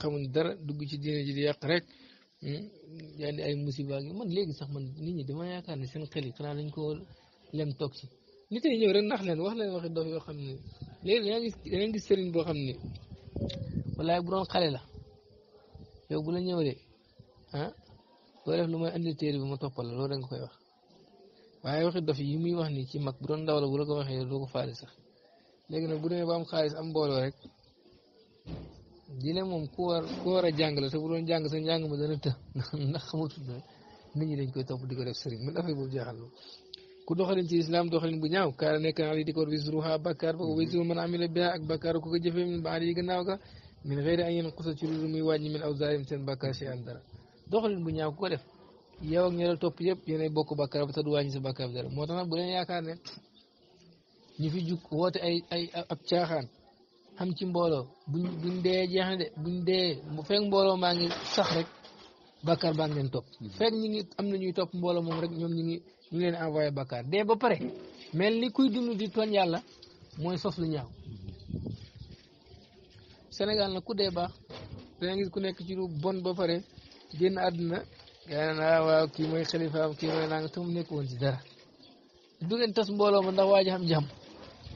xamuñ dara dugg ci diine ji di yàq rek hmm, yaa ay musiba gi man léegi sax man nit ñi dama yaakaar ne seen xel yi xanaa ko lem toog ci nit ñi ñëw rek nax leen wax leen ne léegi da sëriñ boo xam ne walaay bu doon xale la yow bu la ñëwalee ah loo def lu may andi téere bi ma toppal la loolu da nga koy wax waaye wax dof yi muy wax nii ci mag bu doon ndaw la la ko waxee doo ko faale sax léegi nag bu demee ba am xaalis am mbooloo rek di ne moom ku war a jàng te bu doon jàng sa njàng ma dana të ndax xamatul nit ñi dañ koy topp di ko def sëriñ man affaire boobu jaaxal ku doxalin ci islam doxalin bu ñaaw kaara nekk naa li di ko ba ko wisru man amila biha ak bakkaar ku ga min xëyri an yéen xusa ci lu muy wàññi min awzaarim seen bakkaar si an dara doxalin bu ñaaw ku ko def yow ak ñi topp yëpp yéenay bokk bakkaar ba te du sa bakkaar bi moo tax nag bu leen yaakaar ne ñu fi jug woote ay ay ab caaxaan ci mbooloo buñ de buñ bu fekk mbooloo maa ngi sax rek bakkaar baa ngi leen topp mhm. fekk ñi ngi am na ñuy topp mbooloo moom rek ñoom ñi ngi ñu leen envoyé bakkaar dee ba pare mel ni kuy dund di tooñ yàlla mooy sos lu ñaaw senegal na ku dee baax dana gis ku nekk ci lu bon ba pare génn àdduna gaa ah, waaw kii mooy xalifaam kii mooy naan te nekk woon ci dara du ngeen tas mbooloo ma ndax waa ji xam jàmm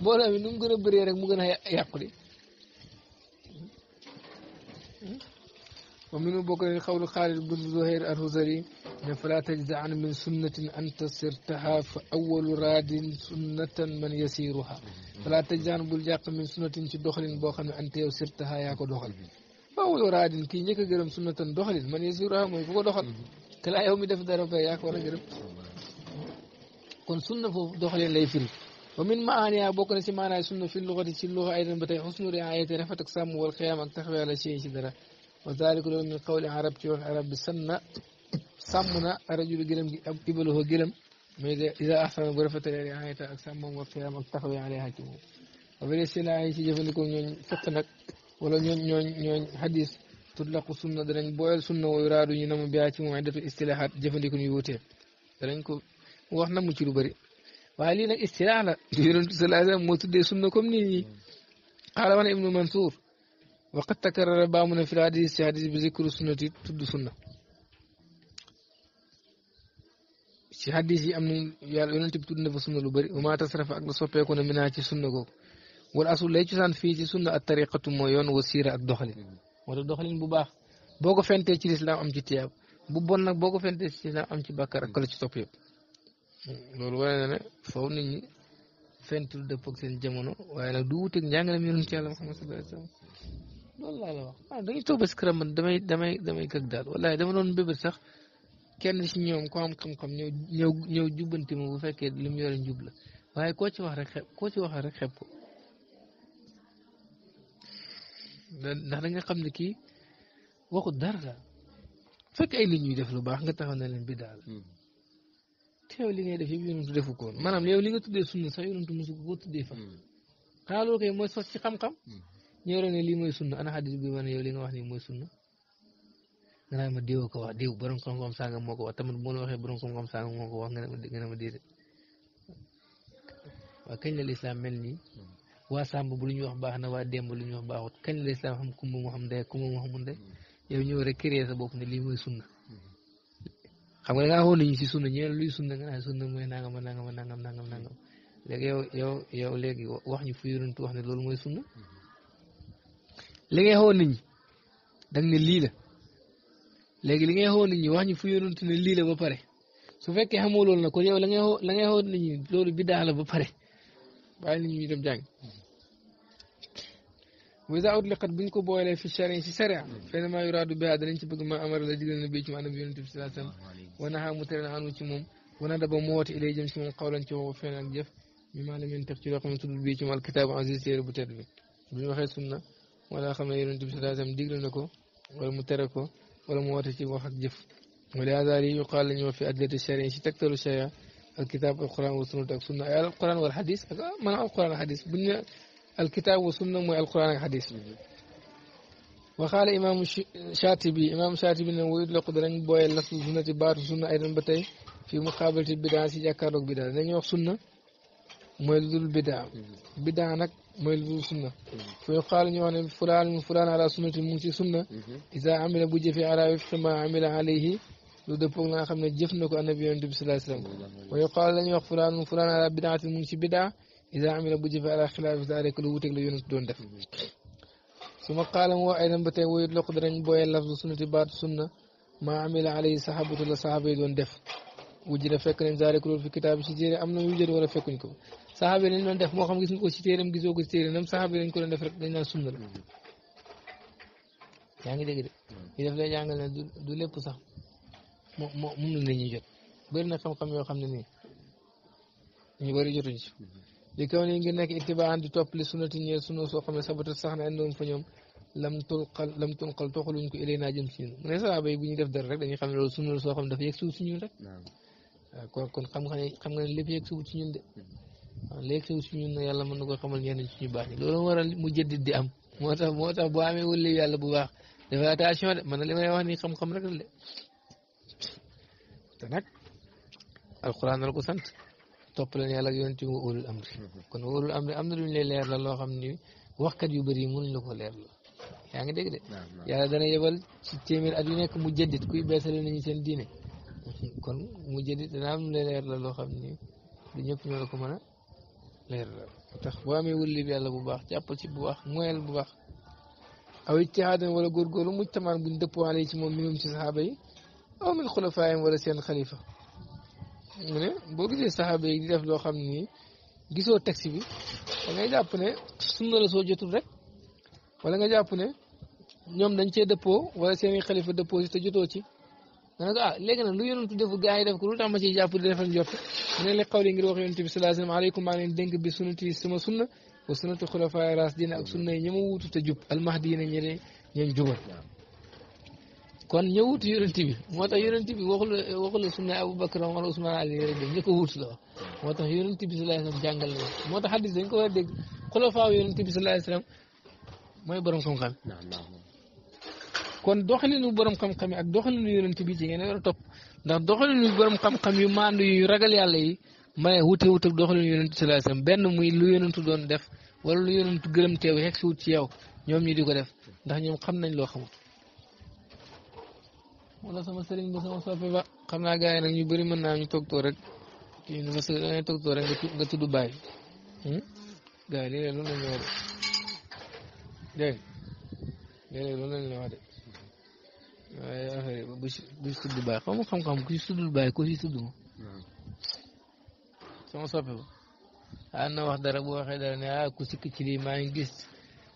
nu mu gën a bëree rek mu gën a yàqu de wa minhu bokk xawlu Xaalid bin Zuhayr al-Huzali فلا تجزع من سنة أنت سرتها فأول راد سنة من يسيرها فلا تجزع بل جاق من سنة تدخل بوخن أنت سرتها ياكو دخل فأول راد كي نيكا جرم سنة دخل من يسيرها موي فوق دخل كلا يومي دف دارك ياكو ورا جرم كون سنة فوق دخل لا فيل ومن معاني أبوك نسي معناها سنة في اللغة في اللغة أيضا بتاي حسن رعاية رفتك سام والخيام أن تخفي على شيء شدرة وذلك من قول عرب تيوح عرب بسنة سامنا رجل جلم قبله جلم ميدا إذا أحسن غرفة الرعاية أقسام ما فيها مكتفي عليها كم وبلي سنا أي شيء جفن يكون يون فتنك ولا يون يون يون حديث تطلق سنة درن بوال سنة ويرادو ينام بياتي مو عند الاستلاحات جفن يكون يوتي درن كو وحنا مشيرو بري وعلي نك استلاح لا يرون تسلا هذا موت دي سنة كم نيجي قال ابن منصور وقد تكرر بامنا في الحديث حديث بذكر سنة تد سنة ci hadis yi am na yàlla yonent bi tudd na fa sunna lu bëri wa maa tasrafa ak la soppeeku a minaa ci sunna googu wala asul lay cosaan fii ci sunna a tariqatu mooy yoon wa siira ak doxalin wala doxalin bu baax boo ko fentee ci lislaam am ci tiyaab bu bon nag boo ko ci lislaam am ci bàkkaar ak kala ci loolu wane na foofu nit ñi fentul dëpp ak seen waaye nag du wuteeg njàngale mi yonent yàlla Muhammad ah, damay kag daal wallaahi dama doon bébét sax kenn si ñoom ko am xam-xam ñëw ñëw jubbanti ma bu fekkee li mu yore njub la waaye koo ci wax rek xeeb koo ci wax rek xeeb ko ndax da xam ne kii waxut dara fekk ay nit ñuy def lu baax nga taxaw na leen bi daal hmm. te yow li ngay def yëpp yonentu defu koon maanaam yow li nga tuddee sunna sax yonentu mosu ko tuddee fa hmm. xaaloo koy mooy sos ci xam-xam hmm. ñëw ne lii mooy sunna ana xadis bi ma ne yow li nga wax ni mooy sunna nga naan ma diwoo ko wax diw borom koom-koom sangam moo bu ma la waxee borom koom-koom sangam moo ko wax nga ne ma nga ne ma kañ la lislaam mel nii hmm. waa sàmb bu lu ñu wax baax na waa démb lu ñu wax baaxut kañ la lislaam xam kumba mu xam ndey kumba mu xamul ndey hmm. yow ñëw rek créer bopp ne lii mooy sunna hmm. xam nga da ngaa xool nit ñi si sunna ñëwee luy sunna nga naan sunna mooy nangam nangam nangam nangam nangam léegi yow yow léegi wax ñu fu yonent wax ne loolu mooy sunna li xool nit ñi da ne lii la léegi li ngay xoo nit ñi wax ñu fu yonent ne lii la ba pare su fekkee xamoo loolu nag kon yow la ngay xoo la ngay xoo nit ñi loolu biddaa la ba pare bàyyi nit ñi dem jàng wasa utliqat buñ ko boolee fi charin si charia fenema yuraadu biha danañ ci bëgg ma amara la digal na bii ci ma anam yonent bi salaa sallam wa naha mu tere na anu ci moom wana daba mu woote ilay jëm si moom xawlan ci waxu fen ak jëf mi maa lam yéen teg ci loo xam ne tudd bii ci moom alkitaabu aziz téere bu tedd bi bu ñu waxee sunna wala xam ne yonent bi salaa sallam digal na ko wala mu tere ko ولا مواتي وفق جف ولهذا لي يقال إنه في أدلة الشرع إن شتكت الشيء الكتاب والقرآن والسنة والسنة أي القرآن والحديث من القرآن والحديث بنا الكتاب والسنة مع القرآن والحديث وقال إمام شاتبي إمام شاتبي أنه يطلق درن بوي اللفظ سنة بار سنة أيضا بتاي في مقابلة البدع سيجا كارلوك بدع لن يوفي سنة مويدود البدع بدع ملبو سنة فيقال اني وانا فلان من فلان على سنة الموت سنة اذا عمل بجفي على وفق ما عمل عليه لو دبوا لنا خمنا جفنا كو النبي صلى الله عليه وسلم ويقال اني فلان من فلان على بدعة الموت بدعة اذا عمل بجفي على خلاف ذلك لو تكلو يونس دون دف ثم قال مو ايضا بتي ويد لو قدرن بويا لفظ سنة بعد سنة ما عمل عليه صحابة الله صحابة دون دف وجد فكر ذلك في كتاب سجيري امن يوجد ولا فكر saxaaba yi nañ doon def moo xam gis nga ko ci téeram gisoo ko ci téeram saxaaba yi lañ ko doon def rek dañ naan sunna yaa ngi dégg de yi daf lay jàngal ne du lépp sax moo moo la ñuy jot bëri na xam-xam yoo xam ne nii ñu bëri jotuñ ci li kaw nii ngir nekk ittibaan di topp li sunnati ñeel sunu soo xam ne sabata sax na indoom fa ñoom lam tulqal lam tunqal toxaluñ ko ilay naa jëm si ñun mu ne saxaaba yi bu ñu def dara rek dañuy xam ne loolu sunna la soo xam ne dafa yegg suuf si ñun rek kon kon xam nga ne xam nga ne ñun de léegi xew si ñun yàlla mën na ko xamal ñenn ci ñu baax ñi loolu waral mu jëddit di am moo tax moo tax boo amee wëlle yàlla bu baax dafa attention de man li may wax nii xam-xam rek la te nag alxuraan ko sant topp leen yàlla ak yonent bi ulul amri mhm. kon ulul na lu ñu leer la loo xam ni yu bëri mënuñ ko leer la yaa ngi dégg de yàlla dana yebal ci téeméer at yu nekk mu jëddit kuy beesale nañu seen diine kon mu dana am leer la loo xam ni du ñëpp ñoo la ko mën a leer la tax boo amee wëlléeb bu baax jàppal ci bu baax moyal bu baax aw ijtihaadan wala góorgóorlu muj bu buñ dëppwaale ci moom minum ci saxaaba yi aw min xulafaayam wala seen xalifa mu ne boo gisee saxaaba di def loo xam ni gisoo taxi bi da ngay jàpp ne sunna la soo jotul rek wala nga jàpp ne ñoom dañ cee dëppoo wala seeni i xalifa dëppoo si te jotoo ci ma ne ko ah léegi nag lu yonent defu gars yi def ko lu tax ma ciy jàpp di defal njort mu ne la xaw li ngir wax yonent bi sallallahu alayhi wa sallam aleykum maa leen dénk bi sunnati sama sunna wa sunnati xulafaay raasdiin ak sunna yi ñi ma wuutu te jub almahdi yi ne ñe de ñoom jubal kon ña wuutu yonent bi moo tax yonent bi waxul waxul sunna Abubakar wala Usmaan Ali rek ñi ko wuutu la wax moo tax yonent bi sallallahu alayhi wa sallam jàngal la moo tax xadis dañ ko war a dégg xulafaaw yonent bi sallallahu alayhi wa sallam mooy borom xam-xam kon doxalinu borom xam-xam yi ak doxalinu yonent bi ci ngeen war a topp ndax doxalinu borom xam-xam yu maandu yu ragal yàlla yi ma ne wute wut ak doxalinu yonent sallallahu alayhi wasallam benn muy lu yonentu doon def wala lu yonentu gërëm teew xeg si wut ci yow ñoom ñu di ko def ndax ñoom xam nañ loo xamut wala sama sëriñ ba sama soppe ba xam naa gars yi nag ñu bari mën naa ñu toog too rek kii nu ma sëriñ da ngay nga tudd bàyyi hmm? gars yi léeg-léeg loolu lañ la wax loolu lañ de waaye bu si bu si tudd bàyyi xaw xam ku ah, na wax dara bu waxee dara ne ah ku sikk ci lii maa ngi gis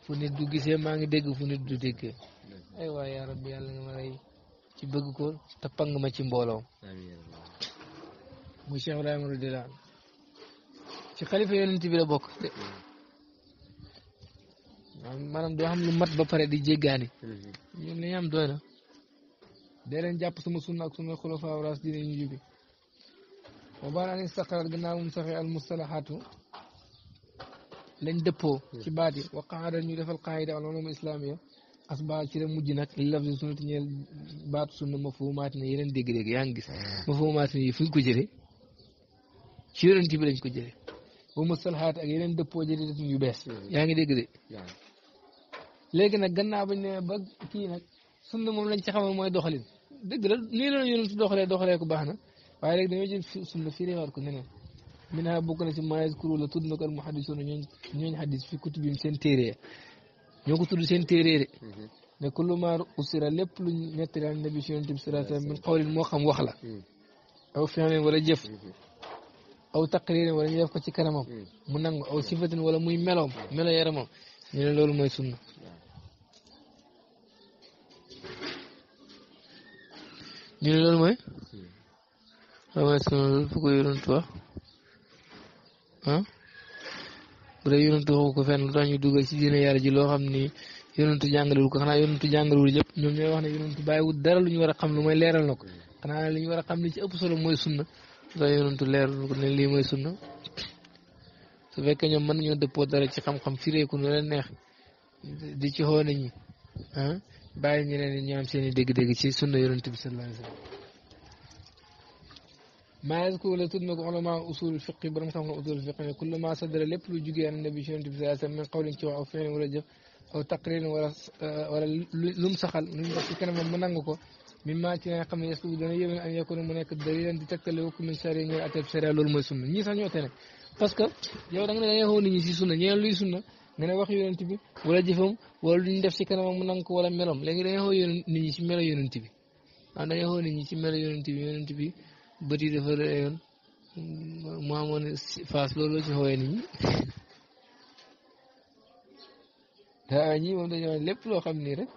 fu nit du gisee maa ngi dégg fu nit du déggee ay waay yaa rabbi yàlla nga ma rey ci bëgg ko te pang ma ci mbooloo. muy Cheikh Ibrahima radiyallaahu anhu ci xalifa yonent bi bokk de mm. maanaam doo xam lu mat ba pare di jéggaani ñoom li ñu am doy na dee leen jàpp sama sunna ak sunna xulafaa raas dina ñu jóge wa baan an istaqaraat gannaaw mum saxee al mustalahaatu lañ dëppoo ci baat yi wa qaada ñu defal qaayida al ulum islamiya asbaa ci la mujj nag li laf si sunnati ñeel sunna mafhumaat na yeneen dégg-dégg yaa ngi gis mafhumaat na yi fu ñu ko jëlee ci ko jëlee wa mustalahaat ak yeneen dëppoo jëlee yu bees mm-hmm. yaa ngi dégg de léegi nag gannaaw sunna moom lañ ci xamal mooy doxalin dëgg la lii la ñu ci doxalee doxalee ko baax na waaye léegi dañoo jël sunna fii réewaat ko neneen min ha bokk na ci maes kuro la tudd na ko al muhaddisuuna ñooñ ñooñ xaddis fi kutubim seen téere ñoo ko tudd seen téere de ne kullu maa usira lépp luñ nettali an nabi si yonent bi salaatu min qawlin moo xam wax la aw fi'lin wala jëf aw taqririn wala ñu def ko ci kanamam mu nangu aw sifatin wala muy meloom melo yaramam ñu ne loolu mooy sunna ñu ne loolu mooy ko yonent wax ah bu lu tax ci diine yàlla ji loo xam ni yonent jàngalewul ko xanaa yonent jàngalewul yëpp ñoom ñooy wax ne yonent bàyyiwul dara ñu war a xam lu mooy leeral na ko li ñu war a li ci ëpp mooy sunna lu tax yonent leeral lii mooy sunna su fekkee ñoom mën nañoo dëppoo dara ci xam-xam fireeku nu leen neex di ci xoo nañu bàyyi ñeneen ñi ñu am seen i dégg-dégg ci sunna yonent bi sallallahu alayhi wa sallam maa yazkuru la tudd na ko ulama usul fiqi borom xam-xam usul fiqi ne kullu ma sadara lépp lu jugee an nabi ci yonent bi sallallahu alayhi wa sallam min qawlin ci wax aw fi'lin wala jëf aw taqririn wala wala lu mu saxal lu mu wax ci kanamam mu nangu ko min maa ci nga xam ne est-ce que dana yéwén an yakuna mu nekk dalilan di tegtale wokk min charia ñooy atteb charia loolu mooy sunna ñii sax ñoo te ne parce que yow da nga ne da ngay xoo nit ñi si sunna ñeen luy sunna nga ne wax yonent bi wala jëfam wala lu ñu def ci kanamam mu nangu wala melom léegi dañuy xoo nit ñi ci melo yonent bi ah dañuy xoo nit ci melo yonent bi bi bët yi dafa mu amoon faas loolu ci xooyee nit ñi daa ñii moom lépp loo xam nii rek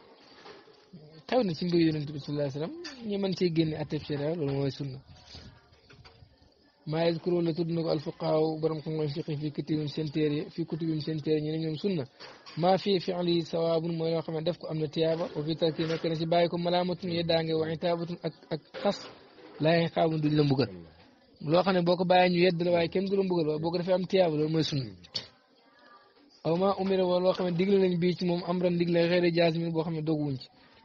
xew na ci mbir yonent bi sallallahu alayhi wasallam ñu mën cee génne atteb loolu mooy sunna ما يذكرون تدنق الفقهاء برمكم الفقه في كتب سنتير في كتب سنتير ينين سنة ما في فعل ثواب ما يقوم دفك أمن تيابا وفي تلك المكان سبايكم ملامة يدانك وعتابة أكتص لا يقاب من دلن بغر لو أخنا بوك باين يد الواي كم دلن بغر بغر في أم تيابا لما سنة أو ما أمر والو أخنا دقل لن بيش مم أمرا دقل غير جازمين بوك من دوغونج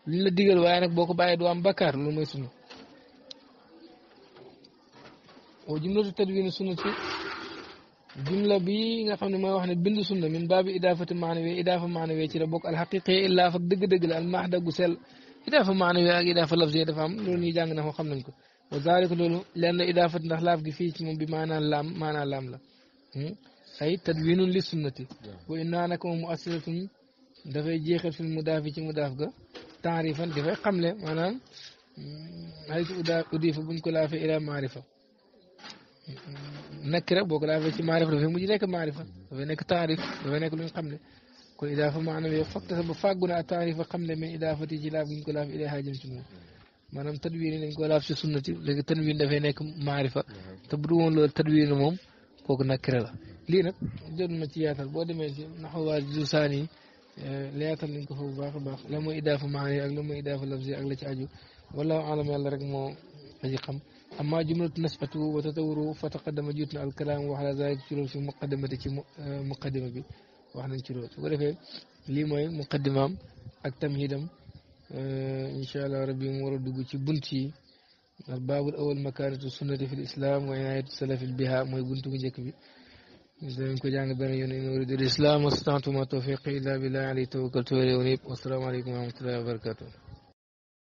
لن دقل وانك بوك باين دوام بكار لما سنة wa jumlatu tadwin sunnati jumla bi nga xam ne mooy wax ne bind sunna min baabi idaafati maanawi idaafa maanawi ci la bokk alxaqiqiya illaa fa dëgg-dëgg la almaxda gu sell idaafa maanawi ak idaafa lafziya dafa am loolu ñuy jàng na ko xam nañ ko wa zaalika loolu lenn idaafati ndax laaf gi fii ci moom bi maanaa laam maanaa laam la ay tadwinun li sunnati wa innaa naka moom muassilatun dafay jeexal fi mudaaf ci mudaaf ga taarifan dafay xamle maanaam haytu udifa buñ ko laafee ila maarifa nakira boo ko daafee ci maarifa dafay mujj nekk maarifa dafay nekk taarif dafay nekk lu ñu xam ne idaafa maanaam yow fakk sa ba fàggu na taarifa xam ne min idaafati ci laaf gi ko laaf ilayha jëm ci moom maanaam tadwiin dañ ko laaf si sunnati léegi tadwiin dafay nekk maarifa te bu du woon la lii nag jot ma ci yaatal boo demee ci naxawaat jusaan yi yaatal eh, nañ ko fa bu baax a baax la mooy idaafa maani ak la mooy idaafa lafzi la ci aju wallahu alam أما جملة نسبته وتطوره فتقدم جوتنا الكلام وعلى ذلك شروط في مقدمة مقدمة بي وحنا نشروط وقال في إيه؟ لي مقدمة التمهيد آه إن شاء الله ربي مورد بوتي بنتي الباب الأول مكانة السنة في الإسلام وعناية السلف بها موي بنتو جاكبي زين كو جانغ بن يوني نورد الإسلام وستانتو ما توفيقي إلا بالله علي توكلتو وليونيب والسلام عليكم ورحمة الله وبركاته